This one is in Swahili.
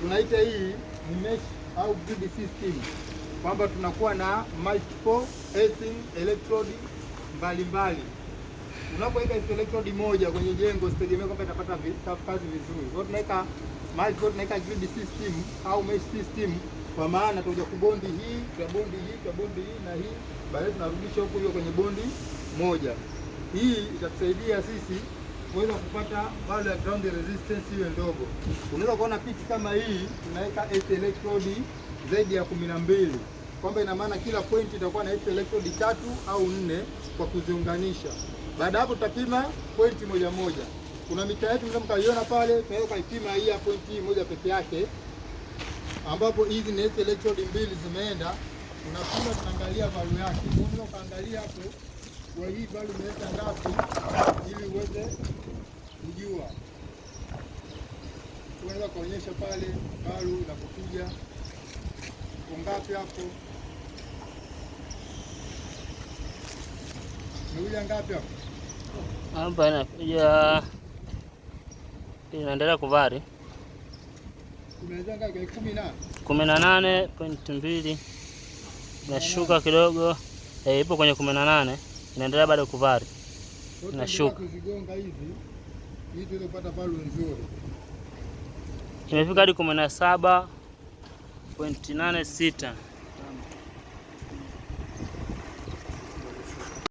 tunaita hii ni mesh au grid system, kwamba tunakuwa na multiple electrode electrode mbalimbali. Unapoweka electrode moja kwenye jengo, sitegemea kwamba itapata kazi vizuri. Kwa hiyo tunaweka multiple, tunaweka grid system au mesh system, kwa maana tutakuja kubondi hii kwa bondi hii kwa bondi hii na hii, baadaye tunarudisha huko hiyo kwenye bondi moja. Hii itatusaidia sisi kuweza kupata value ya ground resistance iwe ndogo. Unaweza kuona pichi kama hii tunaweka 8 electrode zaidi ya kumi na mbili kwamba ina maana kila point itakuwa na electrode tatu au nne kwa kuziunganisha. Baada hapo tutapima point moja moja. Kuna mita yetu mnaweza mkaiona pale, tunaweza kuipima hii ya pointi moja peke yake, ambapo hizi ni electrode mbili zimeenda, tunapima tunaangalia value yake. Unaweza ukaangalia hapo, kwa hii value imeenda ngapi? unaweza kuonyesha pale balu paru kupiga ngapi hapo, mawili ngapi hapo hapa, inakuja inaendelea kuvari kumi na nane pointi mbili inashuka kidogo, e, ipo kwenye kumi na nane inaendelea bado kuvari, inashuka hivi ili tuweze kupata paru nzuri. Imefika hadi kumi na saba pointi nane sita.